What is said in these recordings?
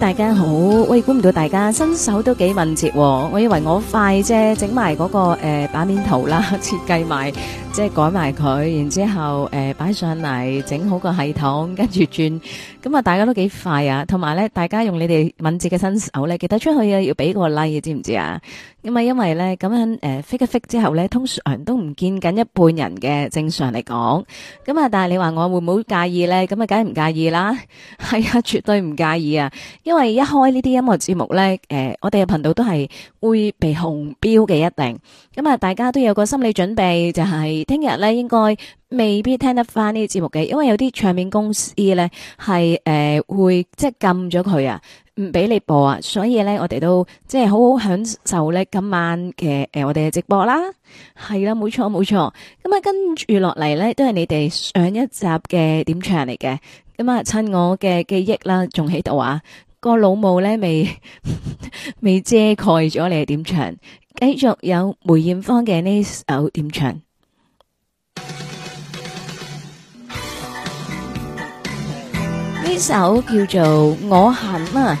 大家好，我估唔到大家新手都幾敏捷、哦，我以為我快啫，整埋嗰個誒版、呃、面圖啦，設計埋即係改埋佢，然之後誒、呃、擺上嚟，整好個系統，跟住轉，咁、嗯、啊大家都幾快啊！同埋咧，大家用你哋敏捷嘅新手咧，記得出去啊要俾個 like，知唔知啊？咁、嗯、啊，因為咧咁樣誒 f i k 一 f i k 之後咧，通常都唔見緊一半人嘅，正常嚟講，咁、嗯、啊，但係你話我會唔會介意咧？咁啊，梗係唔介意啦，係啊，絕對唔介意啊！因為一開呢啲音樂節目呢，誒，我哋嘅頻道都係會被紅標嘅一定，咁啊，大家都有個心理準備，就係聽日呢應該未必聽得翻呢啲節目嘅，因為有啲唱片公司呢係誒會即係禁咗佢啊，唔俾你播啊，所以呢我哋都即係好好享受呢今晚嘅誒我哋嘅直播啦，係啦，冇錯冇錯，咁啊跟住落嚟呢都係你哋上一集嘅點唱嚟嘅，咁啊趁我嘅記憶啦仲喺度啊！個老帽咧未未遮蓋咗你點唱，繼續有梅艷芳嘅呢首點唱，呢首叫做我肯啊。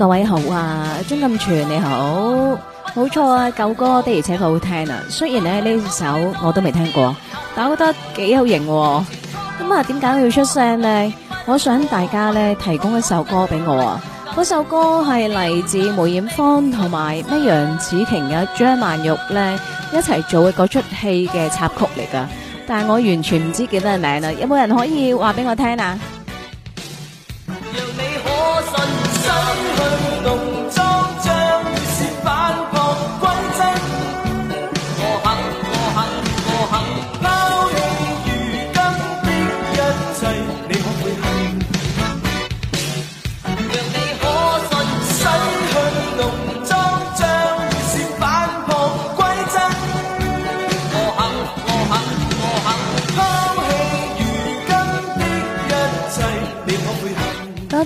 各位好啊，鍾金全你好，冇錯啊，舊歌的而且確好聽啊。雖然咧呢首我都未聽過，但我覺得幾有型喎。咁啊，點解要出聲呢？我想大家咧提供一首歌俾我啊。嗰首歌係嚟自梅艷芳同埋咩楊紫瓊啊、張曼玉咧一齊做嘅嗰出戲嘅插曲嚟噶，但係我完全唔知叫咩名啦、啊。有冇人可以話俾我聽啊？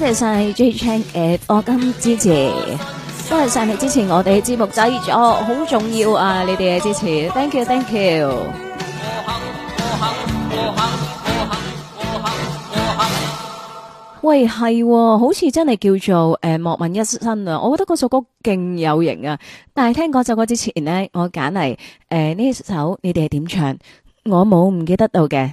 多謝晒 J Chang 誒，咁支持，多謝晒你支持我哋節目製作，好重要啊！你哋嘅支持，thank you，thank you。喂，係好似真係叫做誒，莫問一生啊！我覺得嗰首歌勁有型啊！但係聽嗰首歌之前呢，我揀嚟誒呢首，你哋係點唱？我冇唔記得到嘅。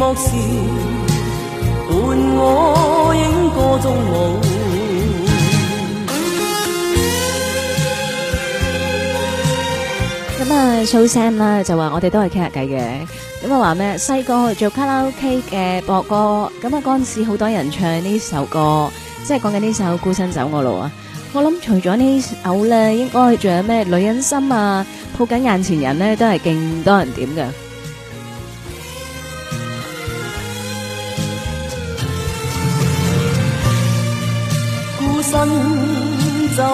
Sam, 就說我都，咁啊，蘇 Sam 啦就話我哋都係傾下偈嘅。咁啊，話咩？細個去做卡拉 OK 嘅播歌，咁啊嗰陣時好多人唱呢首歌，即係講緊呢首《孤身走我路》啊。我諗除咗呢首咧，應該仲有咩《女人心》啊，《抱緊眼前人》咧，都係勁多人點嘅。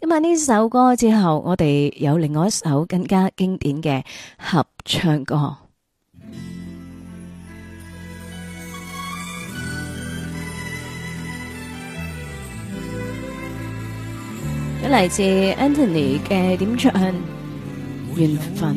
今晚呢首歌之後，我哋有另外一首更加經典嘅合唱歌，咁嚟自 Anthony 嘅點唱，《緣份》。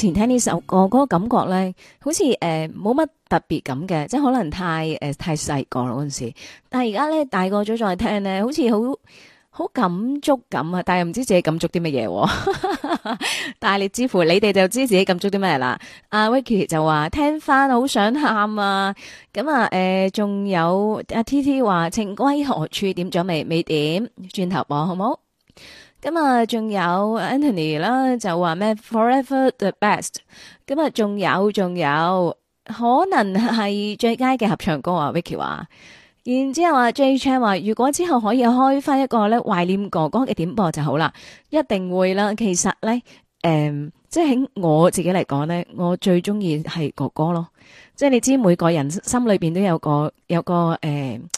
前聽呢首歌嗰、那個感覺咧，好似誒冇乜特別咁嘅，即係可能太誒、呃、太細個啦嗰陣時。但係而家咧，大個咗再聽咧，好似好好感觸咁啊！但係又唔知自己感觸啲乜嘢。 大力之乎，你哋就知自己感觸啲咩啦。阿 Vicky 就話聽翻好想喊啊！咁啊誒，仲、呃、有阿 T T 話情歸何處？點咗未？未點？轉頭播好冇？咁、嗯、啊，仲有 Anthony 啦，就話咩 forever the best、嗯。咁、嗯、啊，仲有仲有，可能係最佳嘅合唱歌啊。Vicky 話，然之後啊，Jay Chan 話，如果之後可以開翻一個咧懷念哥哥嘅點播就好啦，一定會啦。其實咧，誒、嗯，即係喺我自己嚟講咧，我最中意係哥哥咯。即係你知每個人心裏邊都有個有個誒。嗯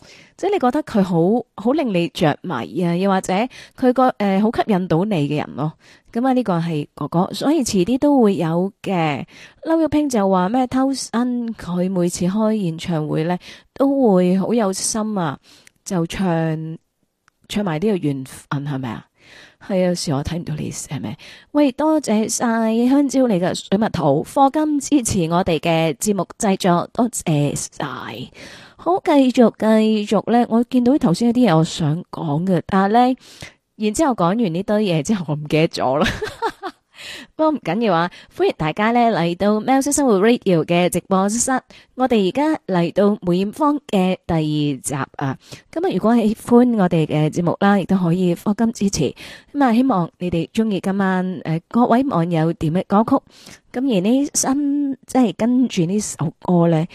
即係你覺得佢好好令你着迷啊，又或者佢個誒好吸引到你嘅人咯、啊。咁啊呢個係哥哥，所以遲啲都會有嘅。嬲 n 平就話咩偷身，佢每次開演唱會咧都會好有心啊，就唱唱埋呢個緣分係咪啊？係有時我睇唔到你，係咪？喂，多謝晒香蕉你嘅水蜜桃，課金支持我哋嘅節目製作，多謝晒。好，繼續繼續咧，我見到頭先有啲嘢我想講嘅，但係咧，然之後講完呢堆嘢之後，我唔記得咗啦。不過唔緊要啊，歡迎大家咧嚟到喵式生活 Radio 嘅直播室。我哋而家嚟到梅艷芳嘅第二集啊。咁啊，如果喜歡我哋嘅節目啦，亦都可以課金支持。咁啊，希望你哋中意今晚誒各位網友點嘅歌曲。咁而呢新即係跟住呢首歌咧。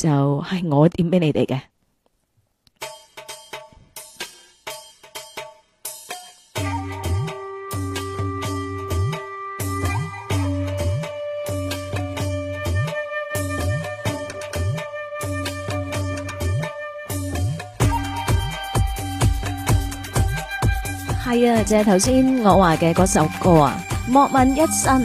就係我點俾你哋嘅，係啊，就係頭先我話嘅嗰首歌啊，莫問一生。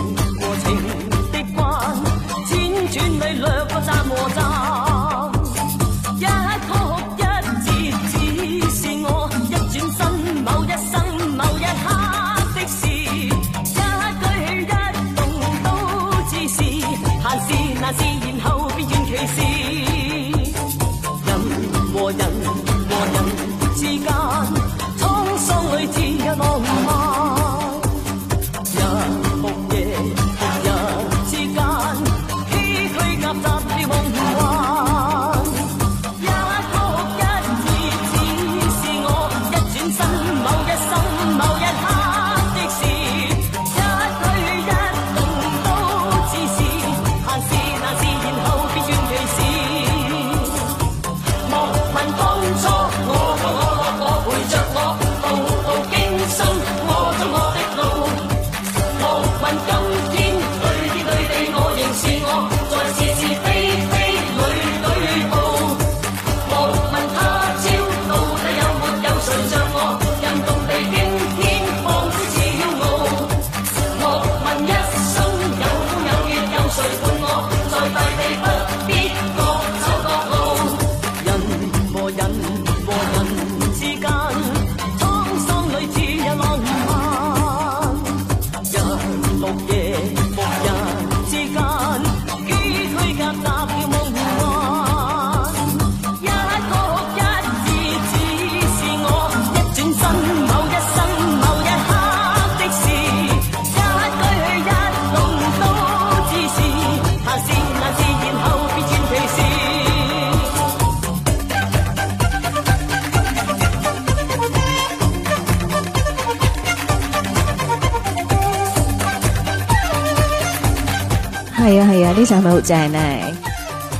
好正咧，啊，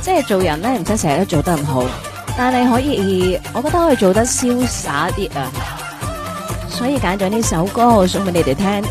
即係做人咧，唔使成日都做得咁好，但係可以，我覺得可以做得瀟灑啲啊，所以揀咗呢首歌我送畀你哋聽。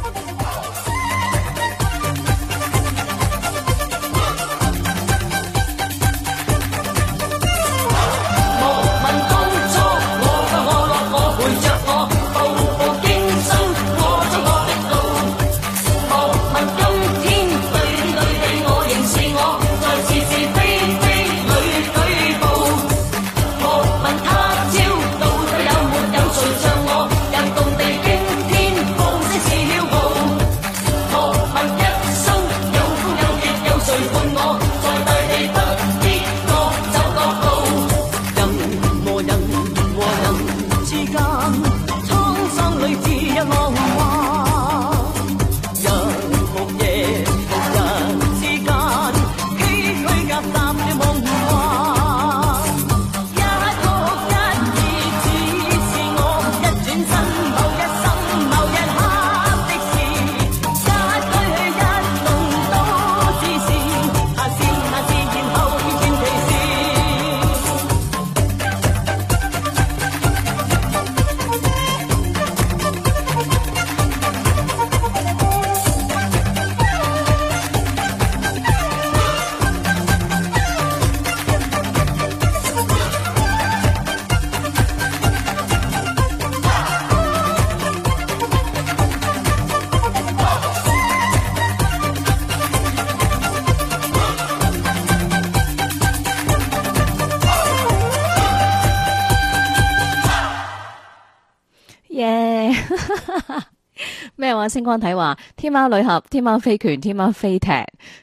星光體話：天喵女俠、天喵飛拳、天喵飛踢，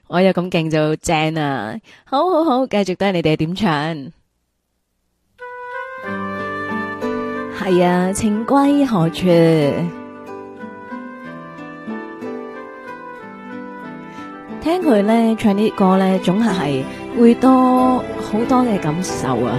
我有咁勁就正啊！好好好，繼續都係你哋點唱？係啊，情歸何處？聽佢咧唱呢啲歌咧，總係係會多好多嘅感受啊！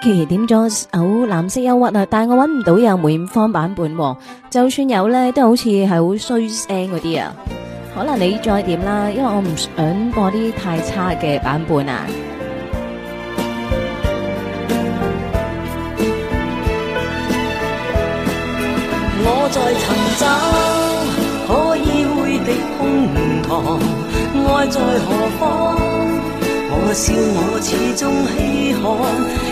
Key 點咗首藍色憂鬱啊，但係我搵唔到有梅艷芳版本喎，就算有咧，都好似係好衰聲嗰啲啊。可能你再點啦，因為我唔想播啲太差嘅版本啊。我在尋找可以會的胸膛，愛在何方？我笑我始終稀罕。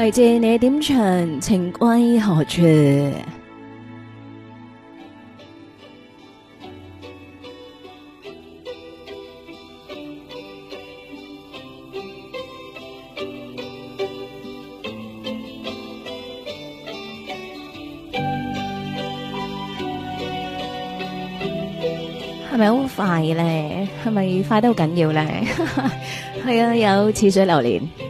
嚟自你點唱情歸何處？係咪好快咧？係咪快得好緊要咧？係啊，有似水流年。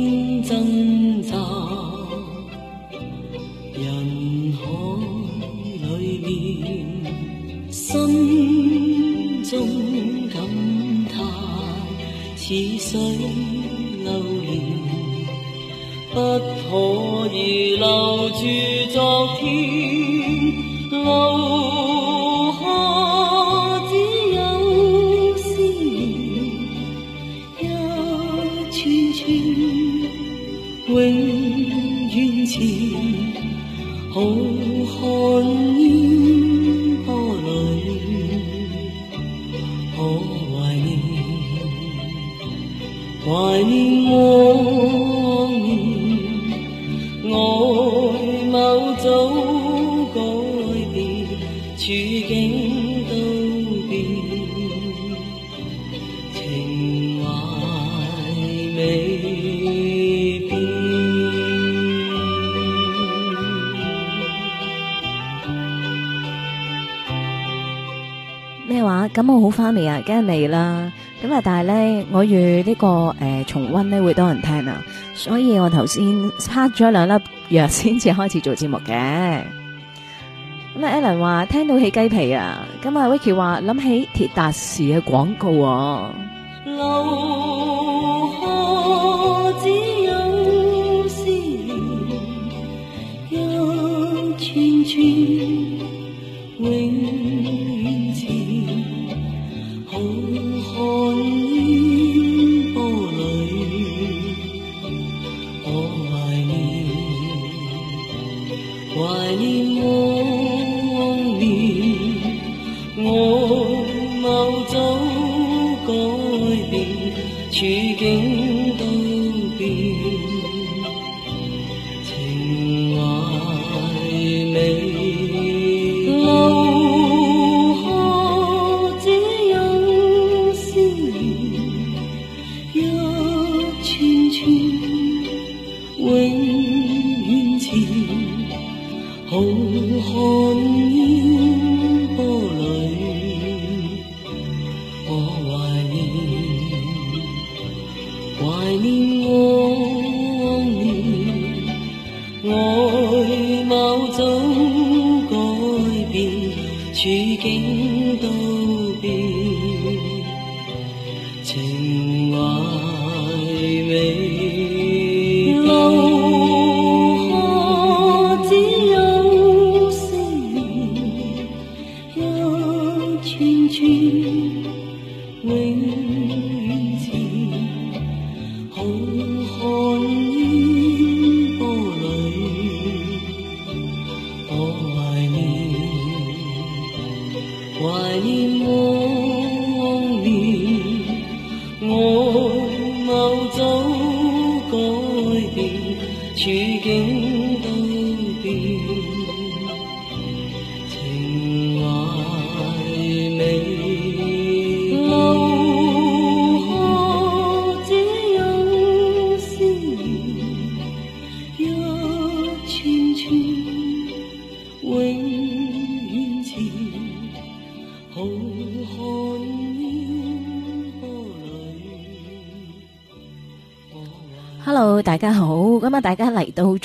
咁我好返未啊？梗係未啦，咁啊但係咧，我預呢、這個誒、呃、重溫咧會多人聽啊，所以我頭先拍咗兩粒藥先至開始做節目嘅。咁啊 Alan 話聽到起雞皮啊，咁啊，Vicky 話諗起鐵達時嘅廣告啊。No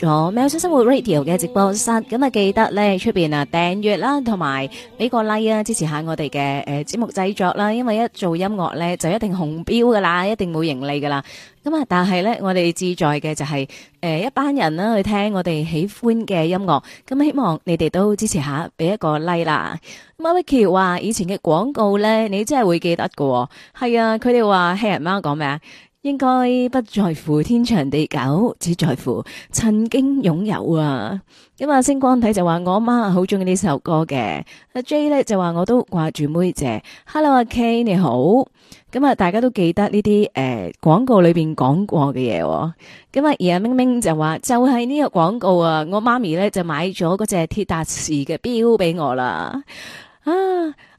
我喵式生活 radio 嘅直播室，咁啊記得咧出邊啊訂閱啦，同埋俾個 like 啊支持下我哋嘅誒節目製作啦，因為一做音樂咧就一定紅標噶啦，一定冇盈利噶啦。咁啊，但係咧我哋志在嘅就係、是、誒、呃、一班人啦去聽我哋喜歡嘅音樂。咁、嗯、希望你哋都支持下，俾一個 like 啦。Marky 話以前嘅廣告咧，你真係會記得噶、哦。係啊，佢哋話 he 人貓講咩啊？Hey, 應該不在乎天長地久，只在乎曾經擁有啊！咁啊，星光睇就話我阿媽好中意呢首歌嘅。阿 J 呢就話我都掛住妹姐。Hello，阿 K 你好。咁啊，大家都記得呢啲誒廣告裏邊講過嘅嘢。咁啊，而阿明明就話就係、是、呢個廣告啊，我媽咪呢就買咗嗰隻鐵達時嘅錶俾我啦。啊！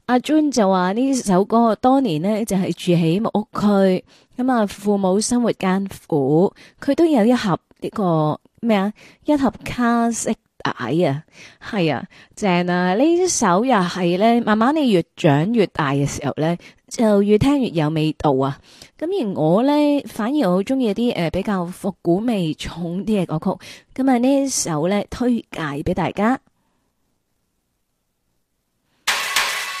阿 June 就話呢首歌，當年呢就係、是、住喺木屋區，咁啊父母生活艱苦，佢都有一盒呢、這個咩啊，一盒卡式帶啊，係啊正啊，呢首又係呢，慢慢你越長越大嘅時候呢，就越聽越有味道啊。咁而我呢，反而我好中意啲誒比較復古味重啲嘅歌曲，咁啊呢首呢推介俾大家。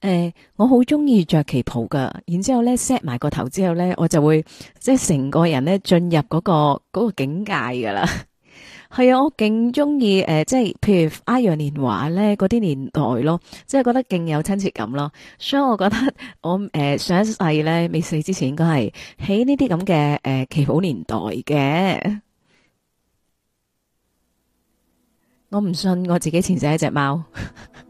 誒，我好中意着旗袍噶，然之後咧 set 埋個頭之後咧，我就會即係成個人咧進入嗰個嗰個境界噶啦。係 啊，我勁中意誒，即係譬如《花樣年華呢》咧嗰啲年代咯，即係覺得勁有親切感囉。所、so，以我覺得我誒、呃、上一世咧未死之前，應該係喺呢啲咁嘅誒旗袍年代嘅。 我唔信我自己前世係隻貓。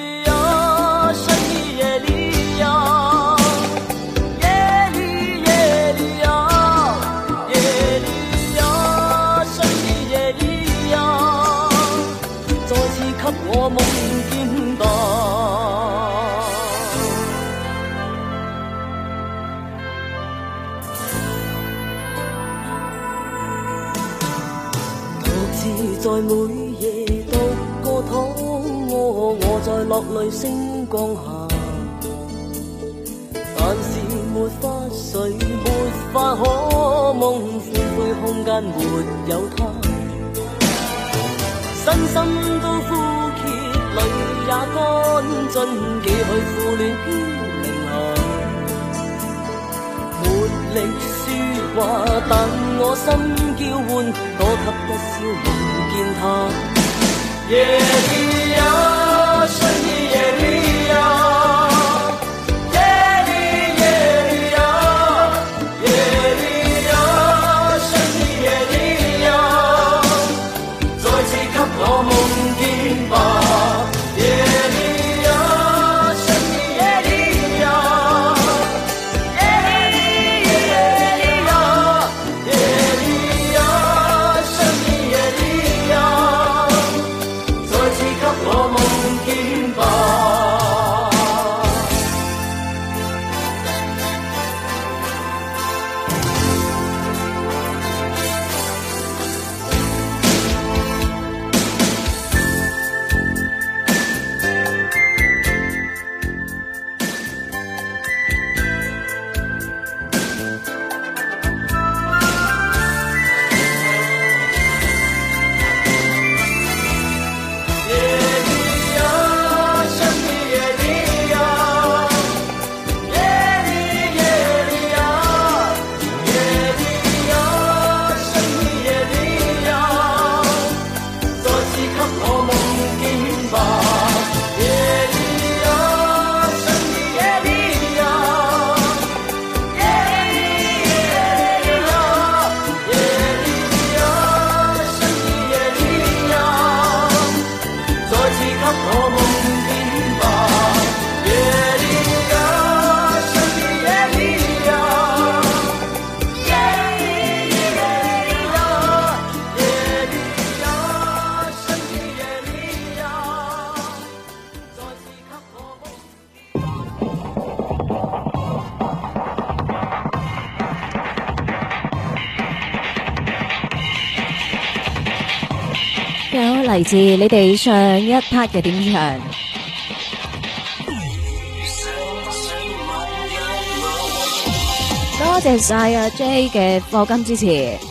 嚟自你哋上一 part 嘅點唱，多謝晒阿 J 嘅課金支持。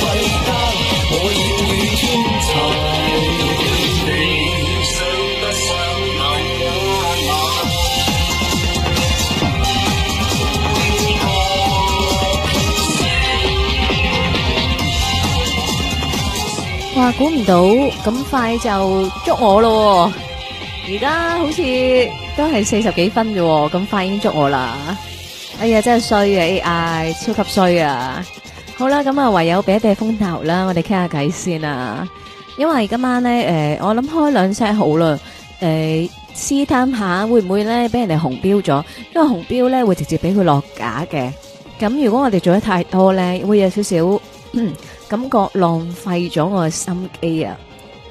估唔到咁快就捉我咯，而家好似都係四十幾分嘅，咁快已經捉我啦！哎呀，真係衰啊！哎呀，超級衰啊！好啦，咁啊，唯有避一避風頭啦，我哋傾下偈先啦。因為今晚咧，誒，我諗開兩 set 好啦，誒，試探下會唔會咧俾人哋紅標咗，因為紅標咧會直接俾佢落架嘅。咁如果我哋做得太多咧，會有少少。感覺浪費咗我嘅心機啊，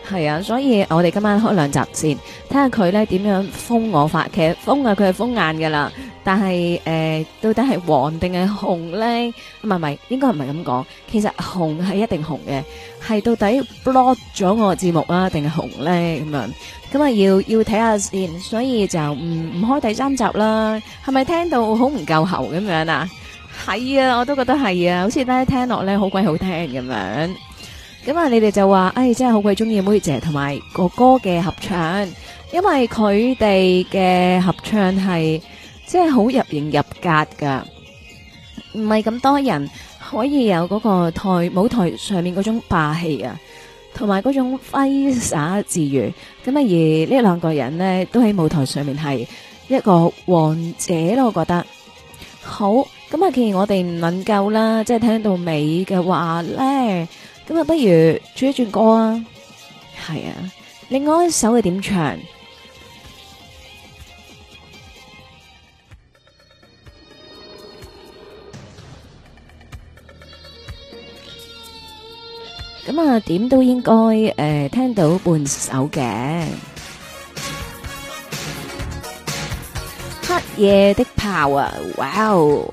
係啊，所以我哋今晚開兩集先，睇下佢咧點樣封我法。其實封啊，佢係封眼噶啦，但係誒到底係黃定係紅咧？唔係唔係，應該唔係咁講。其實紅係一定紅嘅，係到底 block 咗我字幕啊，定係紅咧咁樣？咁啊要要睇下先，所以就唔唔開第三集啦。係咪聽到好唔夠喉咁樣啊？係啊，我都覺得係啊，好似大家聽落咧好鬼好聽咁樣。咁啊，你哋就話誒、哎，真係好鬼中意梅姐同埋哥哥嘅合唱，因為佢哋嘅合唱係即係好入型入格噶，唔係咁多人可以有嗰個台、舞台上面嗰種霸氣啊，同埋嗰種揮灑自如。咁啊，而呢兩個人呢，都喺舞台上面係一個王者咯，我覺得好。咁啊，既然我哋唔能夠啦，即係聽到尾嘅話咧，咁啊，不如轉一轉歌啊，係啊，另外一首係點唱。咁啊，點都應該誒聽到半首嘅，黑夜的豹啊，哇哦！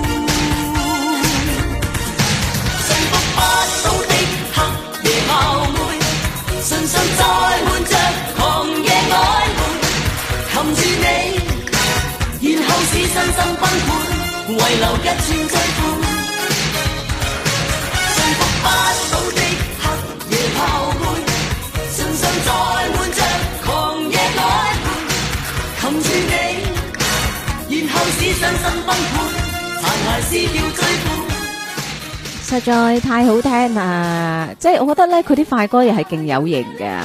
實在太好聽啦！即係我覺得呢，佢啲快歌又係勁有型嘅。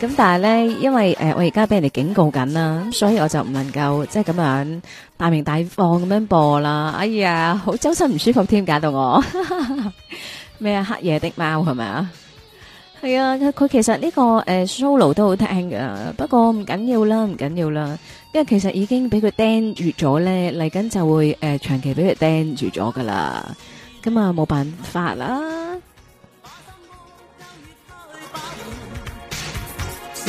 咁但係咧，因為誒、呃，我而家俾人哋警告緊啦，咁所以我就唔能夠即係咁樣大鳴大放咁樣播啦。哎呀，好周身唔舒服添，搞到我咩啊？哈哈黑夜的貓係咪啊？係啊，佢其實呢、這個誒、呃、solo 都好聽㗎。不過唔緊要啦，唔緊要啦，因為其實已經俾佢釘住咗咧，嚟緊就會誒、呃、長期俾佢釘住咗噶啦，咁啊冇辦法啦。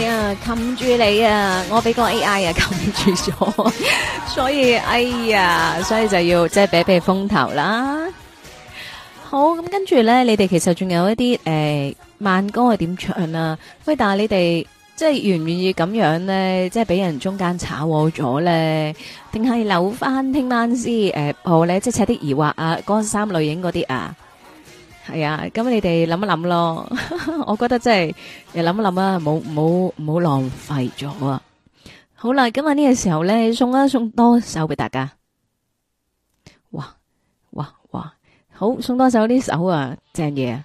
呀，冚住你啊！我俾個 AI 啊，冚住咗，所以哎呀，所以就要即係俾避風頭啦。好，咁跟住咧，你哋其實仲有一啲誒慢歌係點唱啊？喂，但係你哋即係願唔願意咁樣咧？即係俾人中間炒咗咧，定係留翻聽晚先？誒，好咧，即係扯啲疑惑啊，《江山淚影》嗰啲啊。係啊，咁你哋諗一諗咯， 我覺得真係，你諗一諗啊，冇冇冇浪費咗啊！好啦，今日呢個時候咧，送一送多一首俾大家，哇哇哇，好送多首呢首啊，正嘢啊！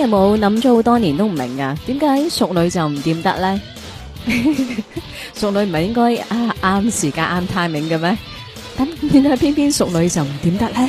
有冇諗咗好多年都唔明噶？點解淑女就唔掂得咧？淑女唔係應該啱時間啱 timing 嘅咩？咁點解偏偏淑女就唔掂得咧？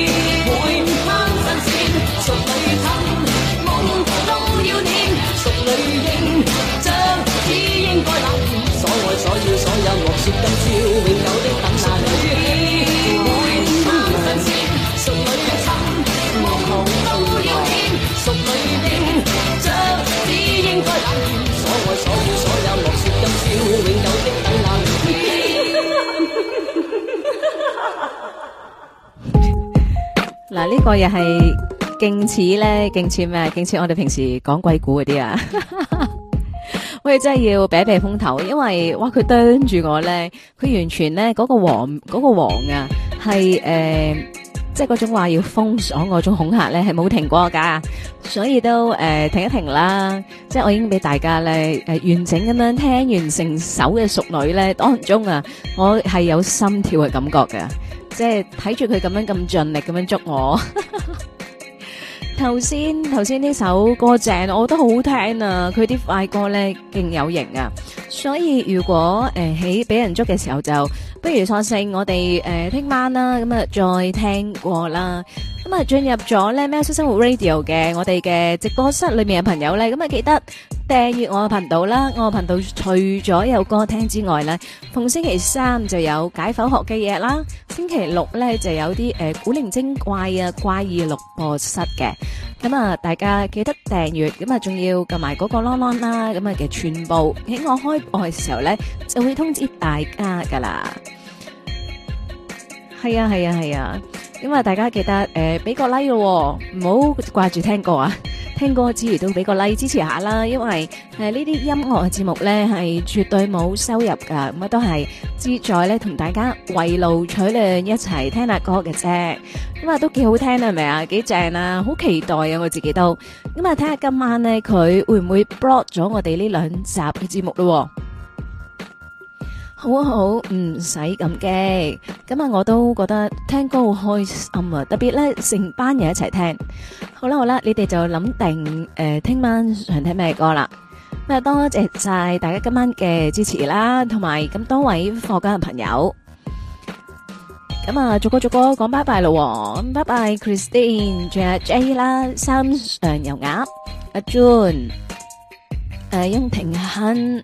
啊！呢個又係勁似咧，勁似咩？勁似我哋平時講鬼故嗰啲啊！喂，真係要避避風頭，因為哇，佢盯住我咧，佢完全咧嗰個黃嗰個黃啊，係誒，即係嗰種話要封鎖嗰種恐嚇咧，係冇停過㗎，所以都誒停一停啦。即係我已經俾大家咧誒完整咁樣聽完成首嘅《淑女》咧當中啊，我係有心跳嘅感覺嘅。即係睇住佢咁樣咁盡力咁樣捉我， 頭先頭先呢首歌正，我覺得好好聽啊！佢啲快歌咧勁有型啊！所以如果誒喺俾人捉嘅時候就不如索性我哋誒聽晚啦，咁、嗯、啊再聽過啦，咁啊進入咗咧喵式生活 radio 嘅我哋嘅直播室裏面嘅朋友咧，咁、嗯、啊、嗯、記得訂閱我嘅頻道啦，我嘅頻道除咗有歌聽之外咧，逢星期三就有解剖學嘅嘢啦，星期六咧就有啲誒、呃、古靈精怪啊怪異錄播室嘅。咁啊，啊，啊，大家記得訂閱，咁、呃 like 哦、啊，仲要撳埋嗰個 long long 啦，咁啊，其實全部喺我開播嘅時候咧，就會通知大家噶啦。係啊係啊係啊，咁啊，大家記得誒，俾個 like 咯，唔好掛住聽歌啊。聽歌之餘都俾個 like 支持下啦，因為誒，呢啲音樂嘅節目咧係絕對冇收入噶，咁啊都係志在咧同大家圍爐取暖一齊聽下歌嘅啫。咁啊都幾好聽呀，係咪啊？幾正啊！好期待啊，我自己都。咁啊，睇下今晚咧佢會唔會 block 咗我哋呢兩集嘅節目咯。好好唔使咁激，咁啊我都覺得聽歌好開心啊！特別咧成班人一齊聽，好啦好啦，你哋就諗定誒聽晚想聽咩歌啦！咁啊多謝晒大家今晚嘅支持啦，同埋咁多位課間嘅朋友，咁啊逐個逐個講拜拜咯，咁拜拜 Christine、Jack J 啦、三羊油鴨、阿 John、誒英婷、阿欣。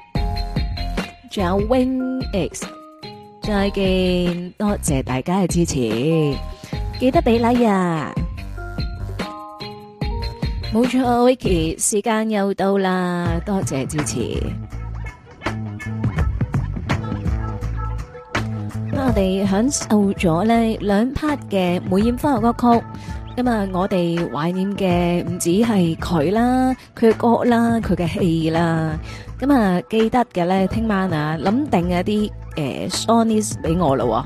仲有 Wing X，再見，多謝大家嘅支持，記得俾禮啊！冇錯，Vicky，時間又到啦，多謝支持。咁我哋享受咗呢兩 part 嘅梅艷芳嘅歌曲，咁啊，我哋懷念嘅唔止係佢啦，佢嘅歌啦，佢嘅戲啦。咁、嗯、啊，記得嘅咧，聽晚啊，諗定一啲誒，Sony 俾我咯。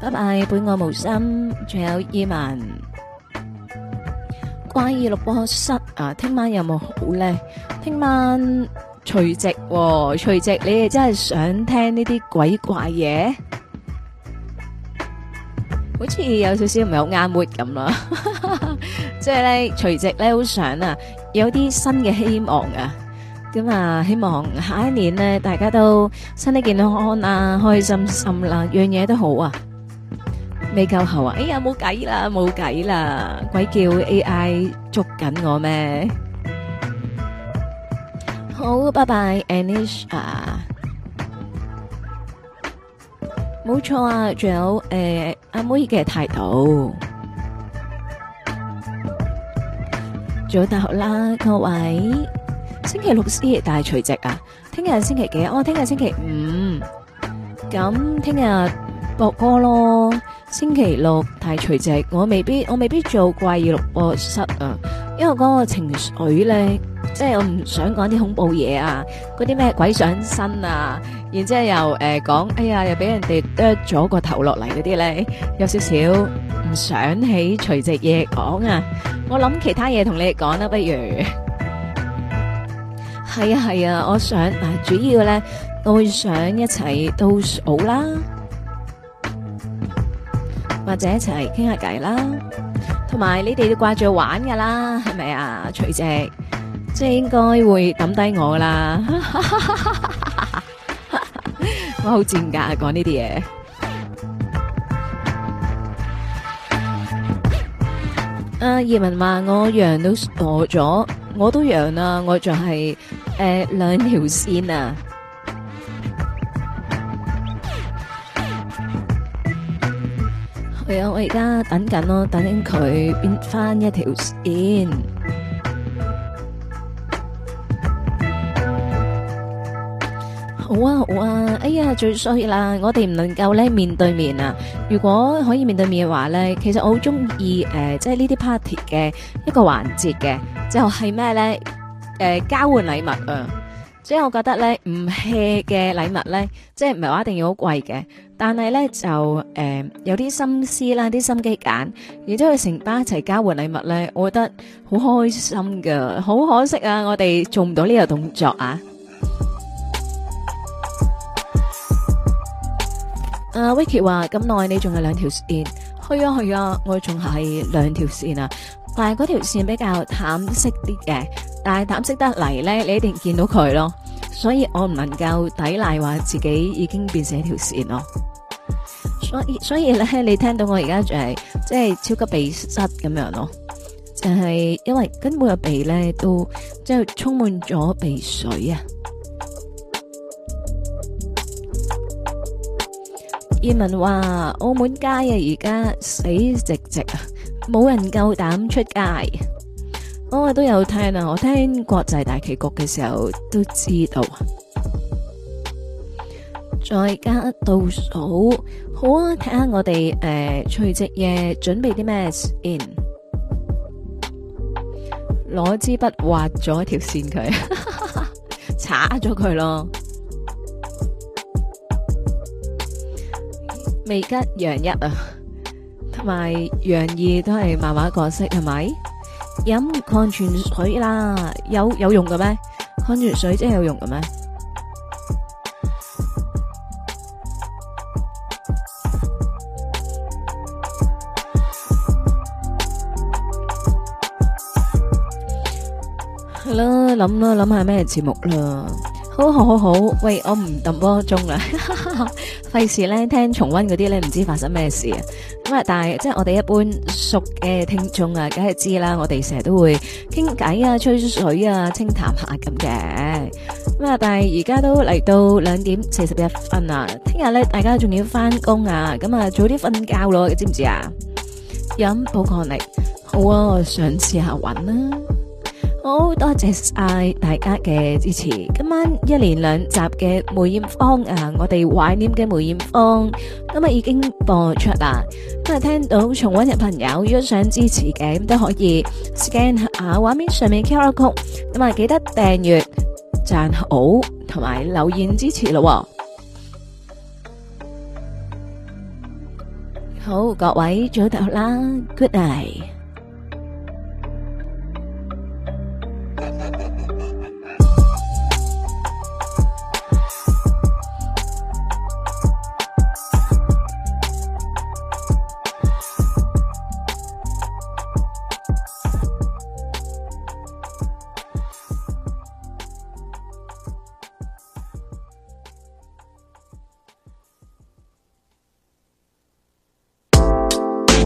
拜拜，本外無心，仲有伊文，關於錄播室啊，聽晚有冇好咧？聽晚除夕，除夕、哦，你哋真係想聽呢啲鬼怪嘢？好似有少少唔係好啱活咁啦。即係咧，除夕咧，好想啊，有啲新嘅希望啊！咁啊！希望下一年咧，大家都身體健康啊，開心心啦，樣嘢都好啊。未夠喉啊！哎呀，冇計啦，冇計啦，鬼叫 AI 捉緊我咩？好，拜拜，Anish 啊！冇錯啊，仲有誒阿妹嘅態度，做到啦，各位。星期六啲，大除夕啊！聽日星期幾啊？哦，聽日星期五，咁聽日播歌咯。星期六大除夕，我未必我未必做怪異錄播室啊。因為嗰個情緒咧，即係我唔想講啲恐怖嘢啊，嗰啲咩鬼上身啊，然之後又誒講，哎呀又俾人哋剁咗個頭落嚟嗰啲咧，有少少唔想喺除夕夜講啊。我諗其他嘢同你哋講啦，不如。係啊，係啊，我想、啊、主要咧我會想一齊都好啦，或者一齊傾下偈啦，同埋你哋都掛住玩噶啦，係咪啊？除夕，即係應該會抌低我啦， 我好賤格，講呢啲嘢。阿葉文話我樣都傻咗。我都樣啊，我仲係誒兩條線啊，係啊，我而家等緊咯，等緊佢變返一條線。好啊好啊，哎呀最衰啦！我哋唔能夠咧面對面啊。如果可以面對面嘅話咧，其實我好中意誒，即係呢啲 party 嘅一個環節嘅，就係咩咧？誒、呃、交換禮物啊！即係我覺得咧，唔 hea 嘅禮物咧，即係唔係話一定要好貴嘅，但係咧就誒、呃、有啲心思啦，啲心機揀，然之後成班一齊交換禮物咧，我覺得好開心噶。好可惜啊，我哋做唔到呢個動作啊！阿 Vicky 話咁耐你仲有兩條線，係啊係啊，我仲係兩條線啊，但係嗰條線比較淡色啲嘅，但係淡色得嚟咧，你一定見到佢咯，所以我唔能夠抵賴話自己已經變成一條線咯，所以所以咧，你聽到我而家就係即係超級鼻塞咁樣咯，就係因為根本個鼻咧都即係充滿咗鼻水啊。葉文話：澳門街啊，而家死寂寂啊，冇人夠膽出街。我都有聽啊，我聽國際大棋局嘅時候都知道啊。再加倒數，好啊，睇下我哋誒，除夕夜準備啲咩？in 攞支筆畫咗一條線佢，查咗佢咯。未吉楊一啊，同埋楊二都係漫畫角色係咪？飲礦泉水啦，有有用嘅咩？礦泉水真係有用嘅咩？係咯，諗咯，諗下咩節目啦。都好好好，喂，我唔揼波鐘啦，費事咧聽重溫嗰啲咧，唔知發生咩事啊！咁啊，但係即係我哋一般熟嘅聽眾啊，梗係知啦，我哋成日都會傾偈啊、吹水啊、清談下咁嘅。咁啊，但係而家都嚟到兩點四十一分啦，聽日咧大家仲要翻工啊，咁啊早啲瞓覺咯，你知唔知啊？飲寶礦力，好啊，我想試下搵啦。好多謝晒大家嘅支持，今晚一連兩集嘅梅艷芳，啊，我哋懷念嘅梅艷芳，今日已經播出啦。今日聽到重溫嘅朋友，如果想支持嘅，都可以 scan 下畫面上面 QR code，咁啊，記得訂閱、讚好同埋留言支持咯。好，各位早唞啦，Good night。